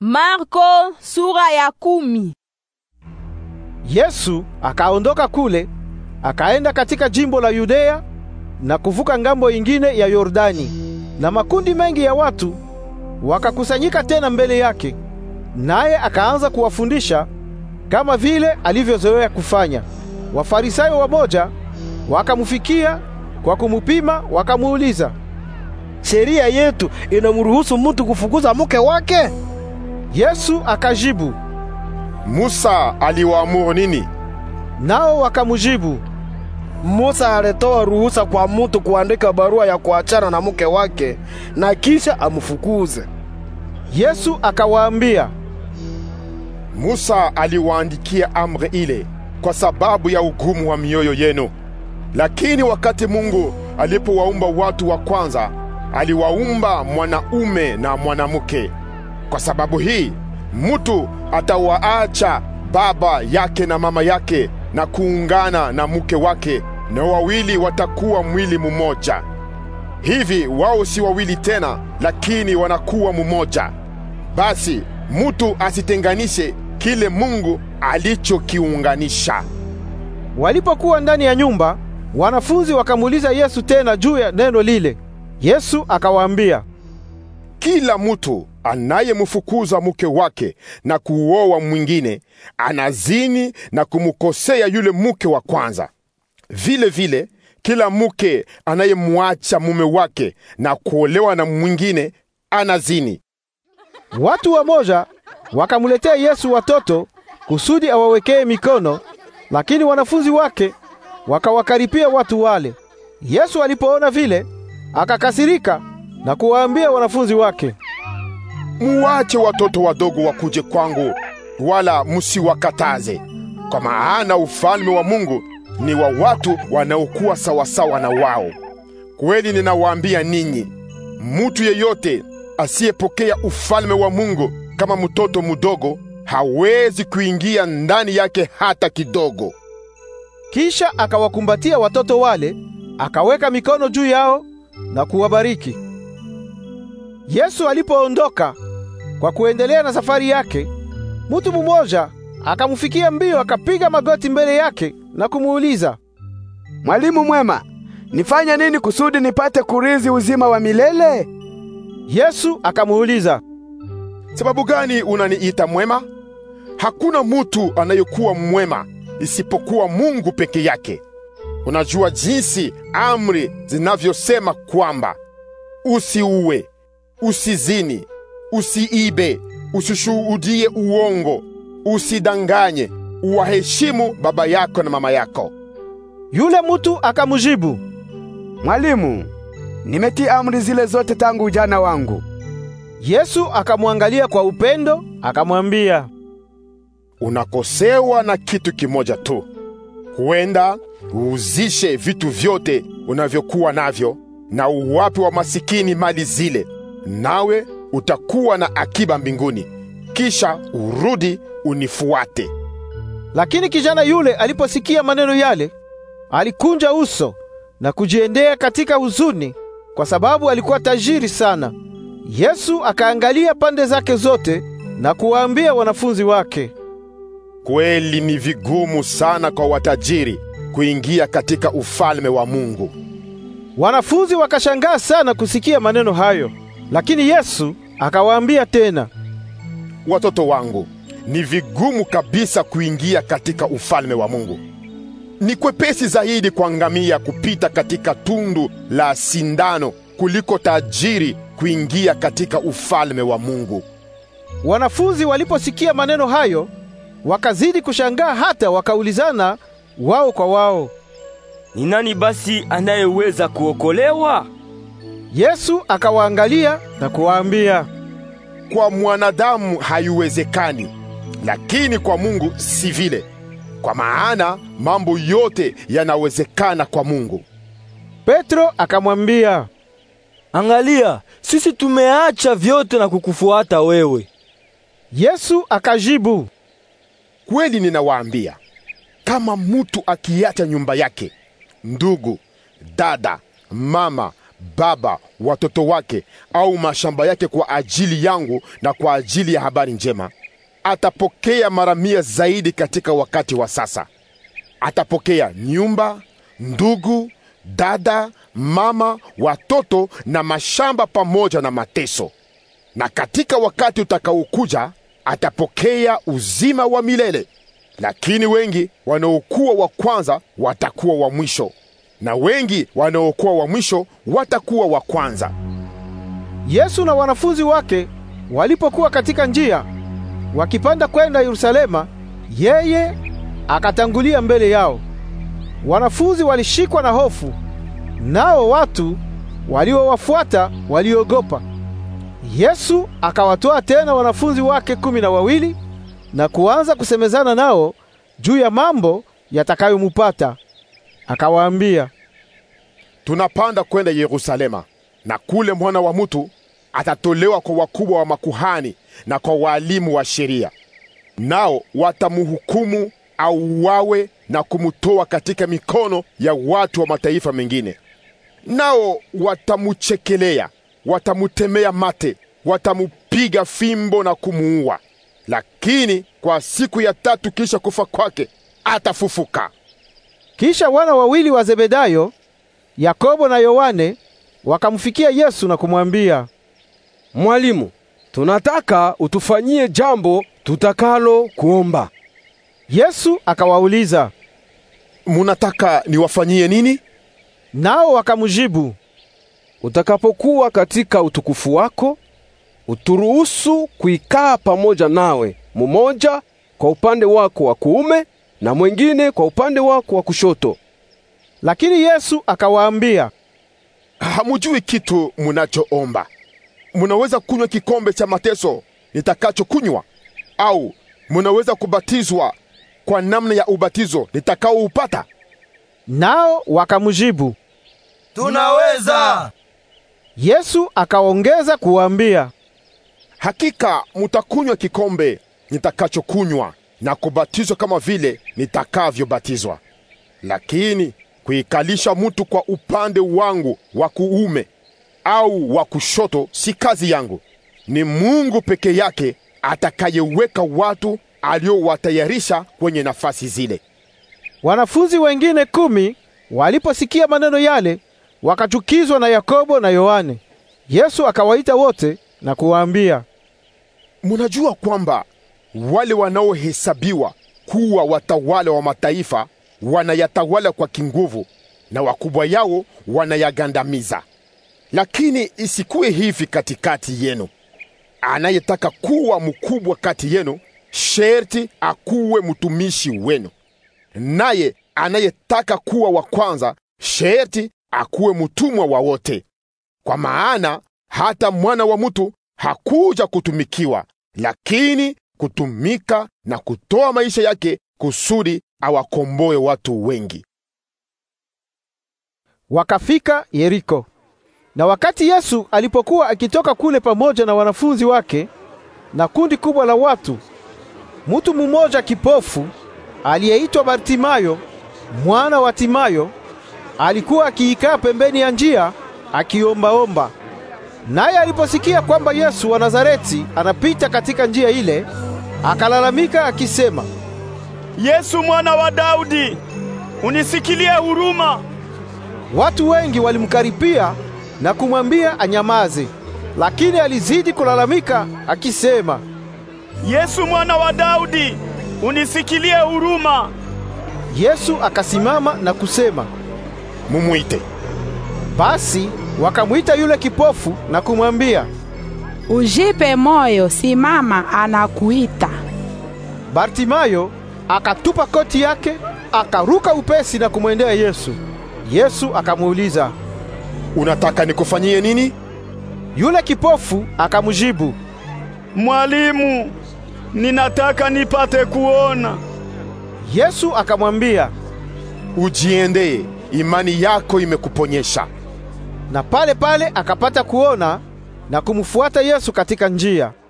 Marko sura ya kumi. Yesu akaondoka kule akaenda katika jimbo la Yudea na kuvuka ngambo ingine ya Yordani, na makundi mengi ya watu wakakusanyika tena mbele yake, naye akaanza kuwafundisha kama vile alivyozoea kufanya. Wafarisayo wamoja wakamfikia kwa kumupima, wakamuuliza, sheria yetu inamruhusu mtu kufukuza mke wake? Yesu akajibu, Musa aliwaamuru nini? Nao wakamjibu Musa alitoa ruhusa kwa mutu kuandika barua ya kuachana na mke wake na kisha amufukuze. Yesu akawaambia, Musa aliwaandikia amri ile kwa sababu ya ugumu wa mioyo yenu. Lakini wakati Mungu alipowaumba watu wa kwanza, aliwaumba mwanaume na mwanamke. Kwa sababu hii mtu atawaacha baba yake na mama yake na kuungana na mke wake, na wawili watakuwa mwili mmoja. Hivi wao si wawili tena, lakini wanakuwa mmoja. Basi mtu asitenganishe kile Mungu alichokiunganisha. Walipokuwa ndani ya nyumba, wanafunzi wakamuuliza Yesu tena juu ya neno lile. Yesu akawaambia, kila mtu anayemfukuza mke wake na kuuoa mwingine anazini na kumkosea yule mke wa kwanza. Vile vile kila mke anayemwacha mume wake na kuolewa na mwingine anazini. Watu wamoja wakamletea Yesu watoto kusudi awawekee mikono, lakini wanafunzi wake wakawakaripia watu wale. Yesu alipoona vile akakasirika na kuwaambia wanafunzi wake, muwache watoto wadogo wakuje kwangu, wala musiwakataze, kwa maana ufalme wa Mungu ni wa watu wanaokuwa sawasawa na wao. Kweli ninawaambia ninyi, mutu yeyote asiyepokea ufalme wa Mungu kama mtoto mdogo hawezi kuingia ndani yake hata kidogo. Kisha akawakumbatia watoto wale, akaweka mikono juu yao na kuwabariki. Yesu alipoondoka kwa kuendelea na safari yake, mutu mumoja akamfikia mbio, akapiga magoti mbele yake na kumuuliza, Mwalimu mwema, nifanye nini kusudi nipate kurizi uzima wa milele? Yesu akamuuliza, sababu gani unaniita mwema? Hakuna mutu anayekuwa mwema isipokuwa Mungu peke yake. Unajua jinsi amri zinavyosema kwamba usiue, usizini, usiibe, usishuhudie uongo, usidanganye, uwaheshimu baba yako na mama yako. Yule mutu akamjibu, Mwalimu, nimetii amri zile zote tangu ujana wangu. Yesu akamwangalia kwa upendo, akamwambia, unakosewa na kitu kimoja tu. Huenda uuzishe vitu vyote unavyokuwa navyo na uwape wa masikini mali zile, nawe utakuwa na akiba mbinguni, kisha urudi unifuate. Lakini kijana yule aliposikia maneno yale, alikunja uso na kujiendea katika huzuni, kwa sababu alikuwa tajiri sana. Yesu akaangalia pande zake zote na kuwaambia wanafunzi wake, kweli ni vigumu sana kwa watajiri kuingia katika ufalme wa Mungu. Wanafunzi wakashangaa sana kusikia maneno hayo. Lakini Yesu akawaambia tena, watoto wangu, ni vigumu kabisa kuingia katika ufalme wa Mungu. Ni kwepesi zaidi kwa ngamia kupita katika tundu la sindano kuliko tajiri kuingia katika ufalme wa Mungu. Wanafunzi waliposikia maneno hayo, wakazidi kushangaa, hata wakaulizana wao kwa wao, ni nani basi anayeweza kuokolewa? Yesu akawaangalia na kuwaambia, kwa mwanadamu haiwezekani, lakini kwa Mungu si vile, kwa maana mambo yote yanawezekana kwa Mungu. Petro akamwambia, angalia, sisi tumeacha vyote na kukufuata wewe. Yesu akajibu, kweli ninawaambia, kama mutu akiacha nyumba yake, ndugu, dada, mama baba, watoto wake au mashamba yake kwa ajili yangu na kwa ajili ya habari njema, atapokea mara mia zaidi katika wakati wa sasa. Atapokea nyumba, ndugu, dada, mama, watoto na mashamba pamoja na mateso, na katika wakati utakaokuja atapokea uzima wa milele. Lakini wengi wanaokuwa wa kwanza watakuwa wa mwisho na wengi wanaokuwa wa mwisho watakuwa wa kwanza. Yesu na wanafunzi wake walipokuwa katika njia wakipanda kwenda Yerusalema, yeye akatangulia mbele yao. Wanafunzi walishikwa na hofu, nao watu waliowafuata waliogopa. Yesu akawatoa tena wanafunzi wake kumi na wawili na kuanza kusemezana nao juu ya mambo yatakayomupata. Akawaambia, tunapanda kwenda Yerusalema, na kule mwana wa mtu atatolewa kwa wakubwa wa makuhani na kwa waalimu wa sheria, nao watamuhukumu au wawe na kumtoa katika mikono ya watu wa mataifa mengine. Nao watamuchekelea, watamutemea mate, watamupiga fimbo na kumuua, lakini kwa siku ya tatu kisha kufa kwake atafufuka. Kisha wana wawili wa Zebedayo, Yakobo na Yohane, wakamfikia Yesu na kumwambia, Mwalimu, tunataka utufanyie jambo tutakalo kuomba. Yesu akawauliza, munataka niwafanyie nini? Nao wakamjibu, utakapokuwa katika utukufu wako, uturuhusu kuikaa pamoja nawe, mumoja kwa upande wako wa kuume na mwengine kwa upande wako wa kushoto. Lakini Yesu akawaambia, hamujui kitu munachoomba. Munaweza kunywa kikombe cha mateso nitakachokunywa, au munaweza kubatizwa kwa namna ya ubatizo nitakaoupata? Nao wakamjibu, tunaweza. Yesu akaongeza kuwaambia, hakika mutakunywa kikombe nitakachokunywa na kubatizwa kama vile nitakavyobatizwa. Lakini kuikalisha mtu kwa upande wangu wa kuume au wa kushoto si kazi yangu. Ni Mungu peke yake atakayeweka watu aliowatayarisha kwenye nafasi zile. Wanafunzi wengine kumi waliposikia maneno yale wakachukizwa na Yakobo na Yohane. Yesu akawaita wote na kuwaambia, munajua kwamba wale wanaohesabiwa kuwa watawala wa mataifa wanayatawala kwa kinguvu na wakubwa yao wanayagandamiza. Lakini isikuwe hivi katikati yenu. Anayetaka kuwa mkubwa kati yenu sherti akuwe mtumishi wenu, naye anayetaka kuwa wa kwanza sherti akuwe mtumwa wa wote. Kwa maana hata mwana wa mtu hakuja kutumikiwa, lakini kutumika na kutoa maisha yake kusudi awakomboe watu wengi. Wakafika Yeriko. Na wakati Yesu alipokuwa akitoka kule pamoja na wanafunzi wake na kundi kubwa la watu, mtu mmoja kipofu aliyeitwa Bartimayo, mwana wa Timayo, alikuwa akiikaa pembeni ya njia akiombaomba. Naye aliposikia kwamba Yesu wa Nazareti anapita katika njia ile, akalalamika akisema, Yesu mwana wa Daudi, unisikilie huruma. Watu wengi walimkaripia na kumwambia anyamaze, lakini alizidi kulalamika akisema, Yesu mwana wa Daudi, unisikilie huruma. Yesu akasimama na kusema, mumuite. Basi wakamwita yule kipofu na kumwambia, Ujipe moyo, simama, anakuita. Bartimayo akatupa koti yake, akaruka upesi na kumwendea Yesu. Yesu akamuuliza, unataka nikufanyie nini? Yule kipofu akamjibu, Mwalimu, ninataka nipate kuona. Yesu akamwambia, ujiendee, imani yako imekuponyesha. Na pale pale akapata kuona na kumfuata Yesu katika njia.